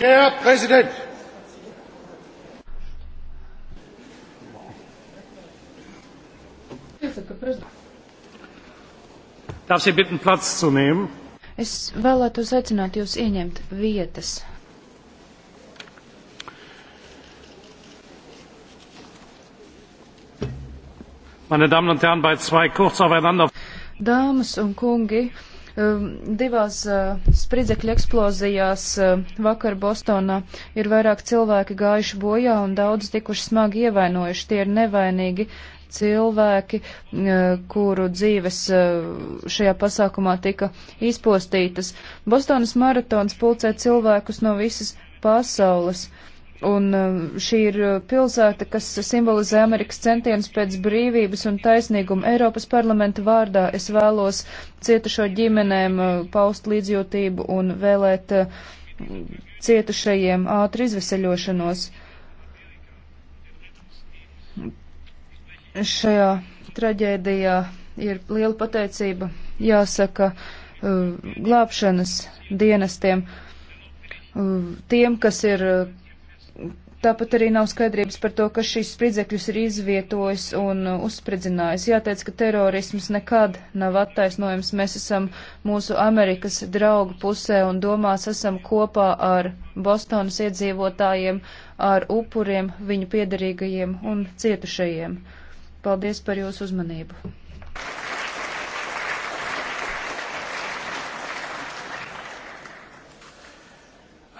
Der Präsident! Darf Sie bitten, Platz zu nehmen? Es vēlētos aicināt jūs ieņemt vietas. Meine Damen und Herren, bei zwei kurz aufeinander. Dāmas un kungi, Um, divās uh, spridzekļu eksplozijās uh, vakar Bostonā ir vairāk cilvēki gājuši bojā un daudz tikuši smagi ievainojuši. Tie ir nevainīgi cilvēki, uh, kuru dzīves šajā pasākumā tika izpostītas. Bostonas maratons pulcē cilvēkus no visas pasaules. Uh, Un uh, šī ir uh, pilsēta, kas simbolizē Amerikas centienus pēc brīvības un taisnīguma. Eiropas parlamenta vārdā es vēlos cietušo ģimenēm uh, paust līdzjūtību un vēlēt cietušajiem ātri izveseļošanos. Šajā traģēdijā ir liela pateicība, jāsaka, glābšanas dienestiem, tiem, kas ir Tāpat arī nav skaidrības par to, kas šīs spridzekļus ir izvietojis un uh, uzspridzinājis. Jāteic, ka terorisms nekad nav attaisnojams. Mēs esam mūsu Amerikas draugu pusē un domās esam kopā ar Bostonas iedzīvotājiem, ar upuriem, viņu piedarīgajiem un cietušajiem. Paldies par jūsu uzmanību!